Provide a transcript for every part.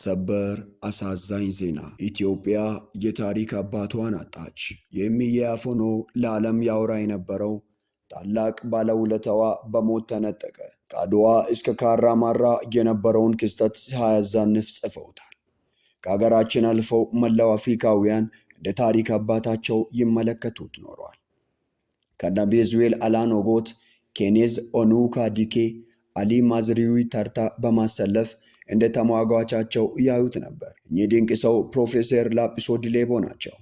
ሰበር አሳዛኝ ዜና ኢትዮጵያ የታሪክ አባቷን አጣች። የሚዬ አፎኖ ለዓለም ያወራ የነበረው ታላቅ ባለውለታዋ በሞት ተነጠቀ። ከአድዋ እስከ ካራማራ የነበረውን ክስተት ሳያዛንፍ ጽፈውታል። ከሀገራችን አልፈው መላው አፍሪካውያን እንደ ታሪክ አባታቸው ይመለከቱት ኖረዋል። ከነ ቤዝዌል አላን ኦጎት፣ ኬኔዝ ኦኑካ ዲኬ፣ አሊ ማዝሪዊ ተርታ በማሰለፍ እንደ ተሟጓቻቸው እያዩት ነበር። እኚህ ድንቅ ሰው ፕሮፌሰር ላጲሶ ዲሌቦ ናቸው።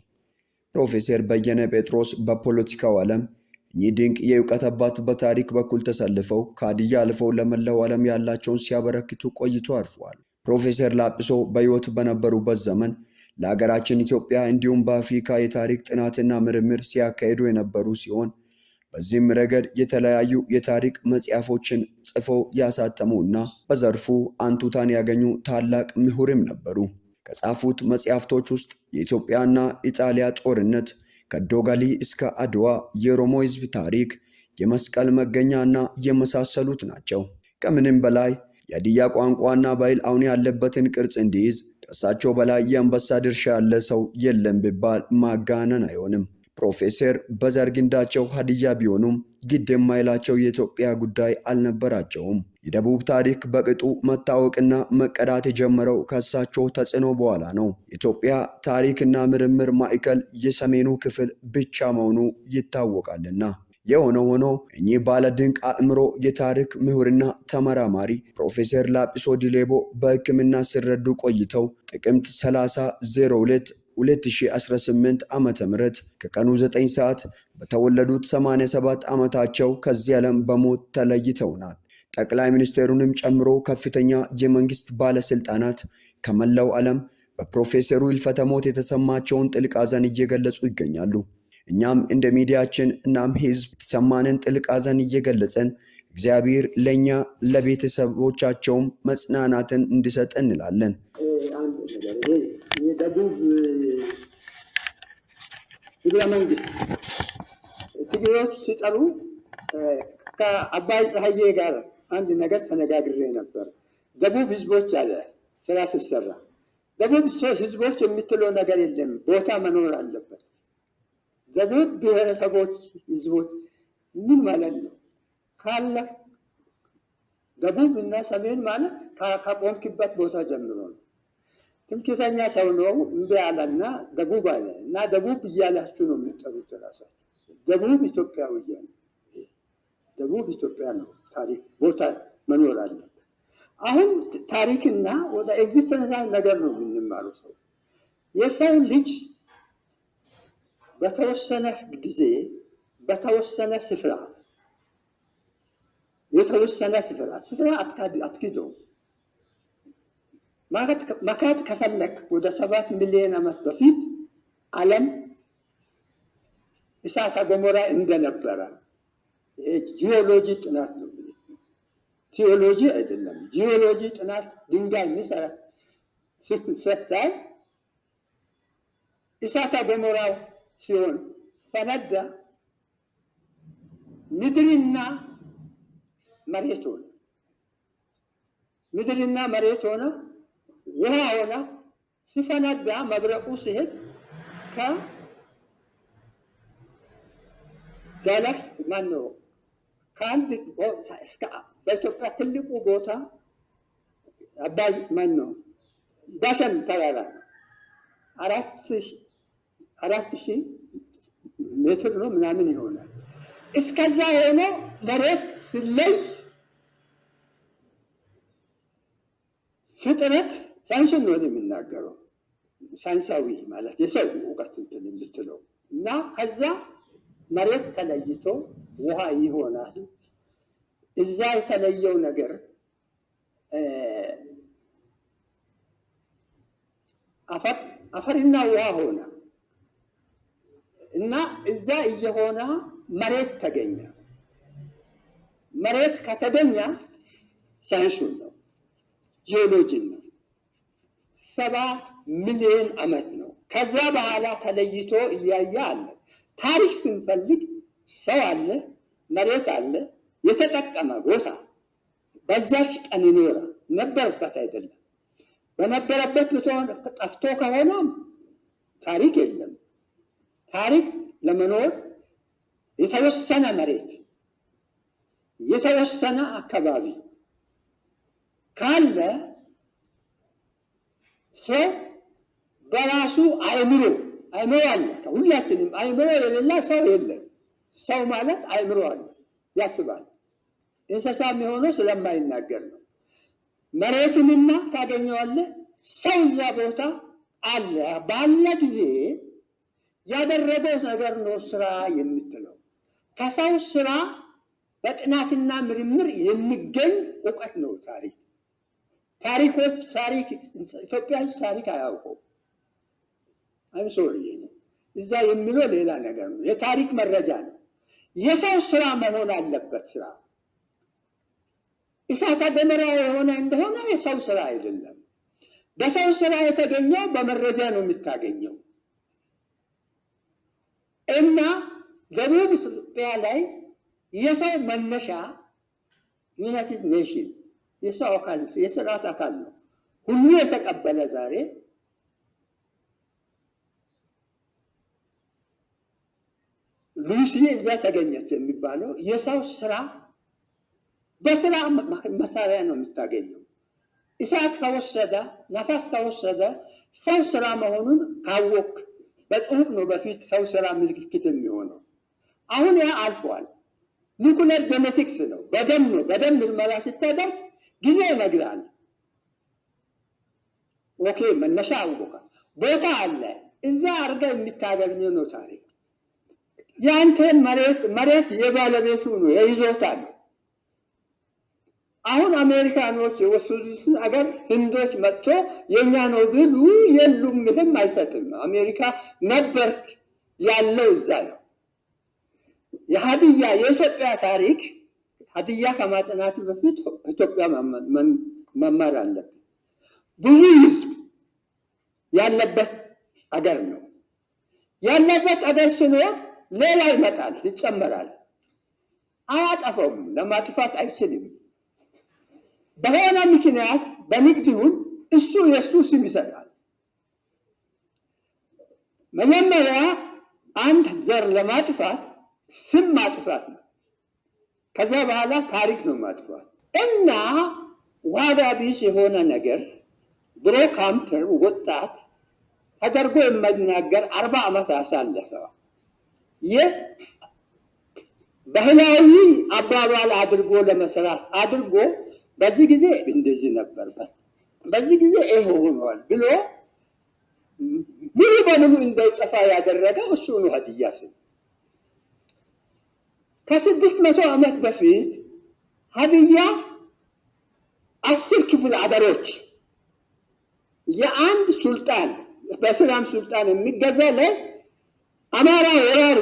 ፕሮፌሰር በየነ ጴጥሮስ በፖለቲካው ዓለም እኚህ ድንቅ የእውቀት አባት በታሪክ በኩል ተሰልፈው ከሀዲያ አልፈው ለመላው ዓለም ያላቸውን ሲያበረክቱ ቆይቶ አርፏል። ፕሮፌሰር ላጲሶ በሕይወት በነበሩበት ዘመን ለሀገራችን ኢትዮጵያ እንዲሁም በአፍሪካ የታሪክ ጥናትና ምርምር ሲያካሂዱ የነበሩ ሲሆን በዚህም ረገድ የተለያዩ የታሪክ መጽሐፎችን ጽፈው ያሳተሙ እና በዘርፉ አንቱታን ያገኙ ታላቅ ምሁርም ነበሩ። ከጻፉት መጽሐፍቶች ውስጥ የኢትዮጵያና ኢጣሊያ ጦርነት፣ ከዶጋሊ እስከ አድዋ፣ የኦሮሞ ሕዝብ ታሪክ፣ የመስቀል መገኛ እና የመሳሰሉት ናቸው። ከምንም በላይ የሀዲያ ቋንቋና ባህል አሁን ያለበትን ቅርጽ እንዲይዝ ከእሳቸው በላይ የአንበሳ ድርሻ ያለ ሰው የለም ቢባል ማጋነን አይሆንም። ፕሮፌሰር በዘርግንዳቸው ሀዲያ ቢሆኑም ግድ የማይላቸው የኢትዮጵያ ጉዳይ አልነበራቸውም። የደቡብ ታሪክ በቅጡ መታወቅና መቀዳት የጀመረው ከሳቸው ተጽዕኖ በኋላ ነው። የኢትዮጵያ ታሪክና ምርምር ማዕከል የሰሜኑ ክፍል ብቻ መሆኑ ይታወቃልና። የሆነ ሆኖ እኚህ ባለ ድንቅ አእምሮ የታሪክ ምሁርና ተመራማሪ ፕሮፌሰር ላጲሶ ዲሌቦ በሕክምና ሲረዱ ቆይተው ጥቅምት 30 02 2018 ዓ ም ከቀኑ 9 ሰዓት በተወለዱት 87 ዓመታቸው ከዚህ ዓለም በሞት ተለይተውናል። ጠቅላይ ሚኒስትሩንም ጨምሮ ከፍተኛ የመንግስት ባለስልጣናት ከመላው ዓለም በፕሮፌሰሩ ህልፈተ ሞት የተሰማቸውን ጥልቅ ሐዘን እየገለጹ ይገኛሉ። እኛም እንደ ሚዲያችን እናም ህዝብ የተሰማንን ጥልቅ ሐዘን እየገለጸን እግዚአብሔር ለእኛ ለቤተሰቦቻቸውም መጽናናትን እንዲሰጥ እንላለን። የደቡብ ግብረ መንግስት ትግሬዎች ሲጠሩ ከአባይ ፀሐዬ ጋር አንድ ነገር ተነጋግሬ ነበር። ደቡብ ህዝቦች አለ ስራ ሲሰራ ደቡብ ህዝቦች የምትለው ነገር የለም፣ ቦታ መኖር አለበት። ደቡብ ብሔረሰቦች ህዝቦች ምን ማለት ነው ካለ ደቡብ እና ሰሜን ማለት ከቆምክበት ቦታ ጀምሮ ነው። ትምክህተኛ ሰው ነው እንደ አለና ደቡብ አለ እና ደቡብ እያላችሁ ነው የሚጠሩት ራሳችሁ። ደቡብ ኢትዮጵያ ውያ ደቡብ ኢትዮጵያ ነው ታሪክ ቦታ መኖር አለበት። አሁን ታሪክና ወደ ኤግዚስተንሳ ነገር ነው የምንማሩ ሰው የሰው ልጅ በተወሰነ ጊዜ በተወሰነ ስፍራ የተወሰነ ስፍራ ስፍራ አትኪደው መካት ከፈለክ ወደ ሰባት ሚሊዮን ዓመት በፊት ዓለም እሳተ ገሞራ እንደነበረ ጂኦሎጂ ጥናት ነው። ቴዎሎጂ አይደለም። ጂኦሎጂ ጥናት ድንጋይ የሚሰራ ስትሰታይ እሳተ ገሞራው ሲሆን ፈነዳ፣ ምድርና መሬት ሆነ። ምድርና መሬት ሆነ። ውሃ ሆነ። ሲፈነዳ መብረቁ ሲሄድ ከጋላክስ ማነው ከአንድ በኢትዮጵያ ትልቁ ቦታ አባይ ማነው ዳሸን ተራራ ነው። አራት ሺህ ሜትር ነው ምናምን ይሆናል። እስከዛ ሆኖ መሬት ስለይ ፍጥነት ሳይንሱን ነው የሚናገረው። ሳይንሳዊ ማለት የሰው እውቀት እንትን የምትለው እና ከዛ መሬት ተለይቶ ውሃ ይሆናል። እዛ የተለየው ነገር አፈርና ውሃ ሆነ እና እዛ እየሆነ መሬት ተገኘ። መሬት ከተገኘ ሳይንሱን ነው ጂኦሎጂን ነው ሰባ ሚሊዮን ዓመት ነው። ከዛ በኋላ ተለይቶ እያየ አለ። ታሪክ ስንፈልግ ሰው አለ፣ መሬት አለ፣ የተጠቀመ ቦታ በዛች ቀን ይኖረ ነበረበት አይደለም። በነበረበት ብትሆን ጠፍቶ ከሆነ ታሪክ የለም። ታሪክ ለመኖር የተወሰነ መሬት የተወሰነ አካባቢ ካለ ሰው በራሱ አእምሮ አእምሮ አለ። ሁላችንም አእምሮ የሌላ ሰው የለም። ሰው ማለት አእምሮ አለ፣ ያስባል። እንስሳ የሚሆነው ስለማይናገር ነው። መሬትንና ታገኘዋለህ። ሰው እዛ ቦታ አለ። ባለ ጊዜ ያደረገው ነገር ነው ስራ የምትለው። ከሰው ስራ በጥናትና ምርምር የሚገኝ እውቀት ነው ታሪክ ውስጥ ታሪክ ኢትዮጵያ ውስጥ ታሪክ አያውቁም። ሶሪ እዛ የሚለው ሌላ ነገር ነው። የታሪክ መረጃ ነው። የሰው ስራ መሆን አለበት። ስራ እሳተ ገሞራ የሆነ እንደሆነ የሰው ስራ አይደለም። በሰው ስራ የተገኘው በመረጃ ነው የምታገኘው። እና ደቡብ ኢትዮጵያ ላይ የሰው መነሻ ዩናይትድ ኔሽን የሰው አካል የስርዓት አካል ነው። ሁሉ የተቀበለ ዛሬ ሉሲ እዛ ተገኘች የሚባለው የሰው ስራ በስራ መሳሪያ ነው የምታገኘው። እሳት ከወሰደ ነፋስ ከወሰደ ሰው ስራ መሆኑን ካወቅ በጽሁፍ ነው በፊት ሰው ስራ ምልክት የሚሆነው። አሁን ያ አልፏል። ኒኩለር ጀኔቲክስ ነው። በደም ነው። በደም ምርመራ ስታደርግ ጊዜ ይነግራል። ኦኬ መነሻ አውቆቃል ቦታ አለ እዛ አርጋ የሚታገኝ ነው ታሪክ ያንተ መሬት መሬት የባለቤቱ ነው የይዞታ ነው። አሁን አሜሪካኖች የወሰዱትን አገር ህንዶች መጥቶ የእኛ ነው ግሉ የሉም ምህም አይሰጥም። አሜሪካ ነበር ያለው እዛ ነው። የሀድያ የኢትዮጵያ ታሪክ ሀዲያ ከማጠናት በፊት ኢትዮጵያ መማር አለብን። ብዙ ህዝብ ያለበት አገር ነው። ያለበት አገር ሲኖር ሌላ ይመጣል፣ ይጨመራል። አያጠፈውም፣ ለማጥፋት አይችልም። በሆነ ምክንያት በንግድ ይሁን እሱ የእሱ ስም ይሰጣል። መጀመሪያ አንድ ዘር ለማጥፋት ስም ማጥፋት ነው። ከዛ በኋላ ታሪክ ነው ማጥፋት እና ዋጋ ቢስ የሆነ ነገር ድሮ ካምፕር ወጣት ተደርጎ የማይናገር አርባ ዓመት አሳለፈ። ይህ ባህላዊ አባባል አድርጎ ለመስራት አድርጎ በዚህ ጊዜ እንደዚህ ነበርበት፣ በዚህ ጊዜ ይሄ ሆኗል ብሎ ሙሉ በሙሉ እንዳይጠፋ ያደረገ እሱ ነው። ከስድስት መቶ ዓመት በፊት ሀድያ አስር ክፍል አገሮች የአንድ ሱልጣን በስላም ሱልጣን የሚገዛ ለአማራ ወራሪ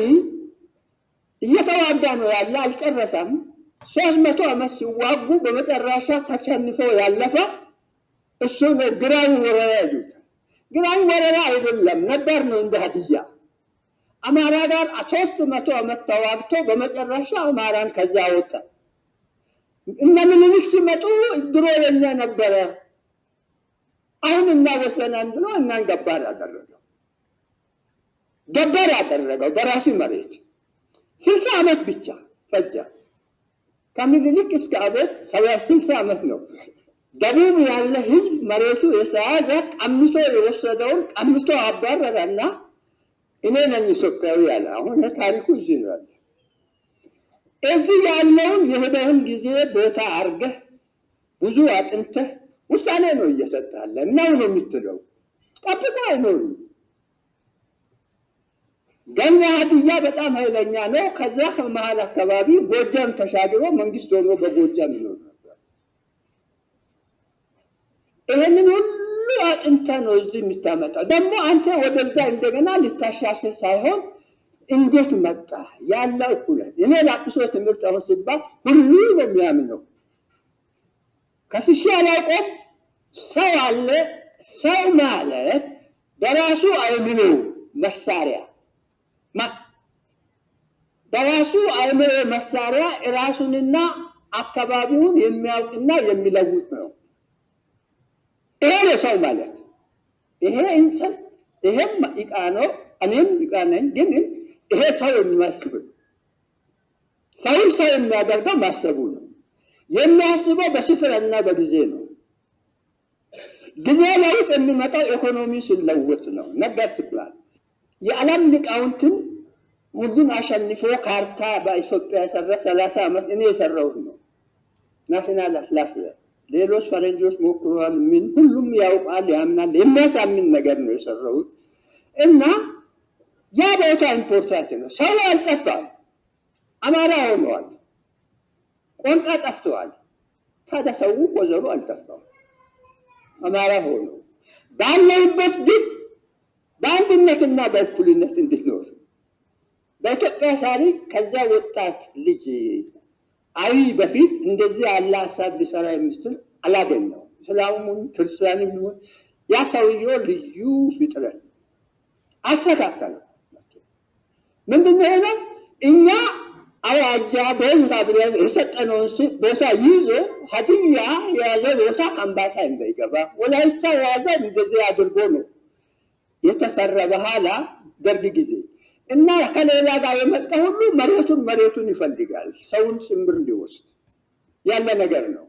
እየተዋጋ ነው ያለ አልጨረሰም። ሶስት መቶ ዓመት ሲዋጉ በመጨረሻ ተሸንፎ ያለፈ እሱ ግራዊ ወረራ ይሉታል። ግራዊ ወረራ አይደለም ነበር ነው እንደ ሀድያ። አማራ ጋር ሶስት መቶ ዓመት ተዋግቶ በመጨረሻ አማራን ከዛ ወጣ። እነ ምኒልክ ሲመጡ ድሮ የኛ ነበረ አሁን እናወሰናን ብሎ እናን ገባር አደረገው። ገባር አደረገው በራሱ መሬት ስልሳ ዓመት ብቻ ፈጀ። ከምኒልክ እስከ አቤት ስልሳ ዓመት ነው። ደቡብ ያለ ህዝብ መሬቱ የተያዘ ቀምቶ የወሰደውን ቀምቶ አባረረና እኔ ነኝ ኢትዮጵያዊ ያለ። አሁን የታሪኩ እዚህ ነው ያለ። እዚህ ያለውን የሄደውን ጊዜ ቦታ አርገህ ብዙ አጥንተህ ውሳኔ ነው እየሰጠለ ነው ነው የምትለው ጠብቀህ አይኖርም። ገንዘብ ሀዲያ በጣም ኃይለኛ ነው። ከዛ ከመሀል አካባቢ ጎጃም ተሻግሮ መንግስት ሆኖ በጎጃም ይኖር ነበር። ይህንን ሁሉ ሁሉ አጥንተ ነው እዚህ የምታመጣው። ደግሞ አንተ ወደዛ እንደገና ልታሻሽል ሳይሆን እንዴት መጣ ያለው እኩለን እኔ ላቅሶ ትምህርት አሁን ሲባል ሁሉ ነው የሚያምነው። ከስሼ አላውቀውም። ሰው አለ። ሰው ማለት በራሱ አእምሮ መሳሪያ በራሱ አእምሮ መሳሪያ ራሱንና አካባቢውን የሚያውቅና የሚለውጥ ነው። ይሄ ነው ሰው ማለት። ይሄ እንጨት ይሄም ዕቃ ነው። እኔም ዕቃ ነኝ። ግን ይሄ ሰው የሚያስብ ሰው ሰው የሚያደርገው ማሰቡ ነው። የሚያስበው በስፍራና በጊዜ ነው። ጊዜ ለውጥ የሚመጣው ኢኮኖሚ ሲለወጥ ነው። ነገር ስብሏል። የዓለም ሊቃውንትን ሁሉን አሸንፎ ካርታ በኢትዮጵያ የሰራ ሰላሳ ዓመት እኔ የሰራሁት ነው ናፍና ለስላስ ሌሎች ፈረንጆች ሞክረዋል። ምን ሁሉም ያውቃል፣ ያምናል። የሚያሳምን ነገር ነው የሰራሁት እና ያ ቦታ ኢምፖርታንት ነው። ሰው አልጠፋም፣ አማራ ሆነዋል፣ ቆንጣ ጠፍተዋል። ታዲያ ሰው ወዘሩ አልጠፋም፣ አማራ ሆኖ ባለሁበት ግን በአንድነትና በእኩልነት እንድኖር በኢትዮጵያ ታሪክ ከዛ ወጣት ልጅ አብይ በፊት እንደዚህ ያለ ሀሳብ ሊሰራ የሚችል አላገኘው። እስላሙን ክርስቲያንም ይሁን ያ ሰውዬው ልዩ ፍጥረት አስተካከለ። ምንድነው ሆነ? እኛ አያጃ በዛ ብለን የሰጠነውን ቦታ ይዞ ሀዲያ የያዘ ቦታ አምባታ እንዳይገባ ወላይታ የያዘ እንደዚህ አድርጎ ነው የተሰራ። በኋላ ደርግ ጊዜ እና ከሌላ ጋር የመጣ ሁሉ መሬቱን መሬቱን ይፈልጋል። ሰውን ጭምር ሊወስድ ያለ ነገር ነው።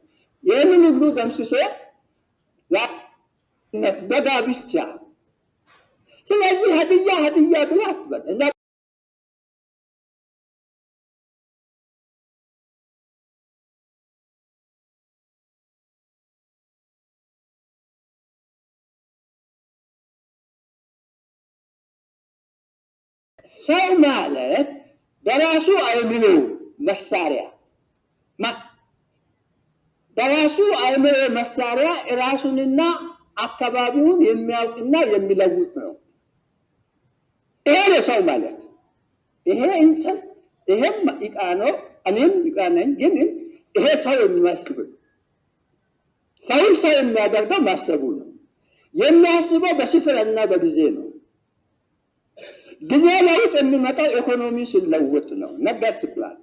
ይህንን ሁሉ ደምስሶ ነት በጋ ብቻ። ስለዚህ ሀድያ ሀድያ ብላ አትበል። ሰው ማለት በራሱ አእምሮ መሳሪያ በራሱ አእምሮ መሳሪያ ራሱንና አካባቢውን የሚያውቅና የሚለውጥ ነው። ይሄ ነው ሰው ማለት። ይሄ እንትን ይሄም ይቃ ነው። እኔም ይቃ ነኝ። ግን ይሄ ሰው የሚመስብ ሰው ሰው የሚያደርገው ማሰቡ ነው። የሚያስበው በስፍራና በጊዜ ነው። ጊዜ ላይ የሚመጣው ኢኮኖሚ ሲለወጥ ነው። ነገር ሲባል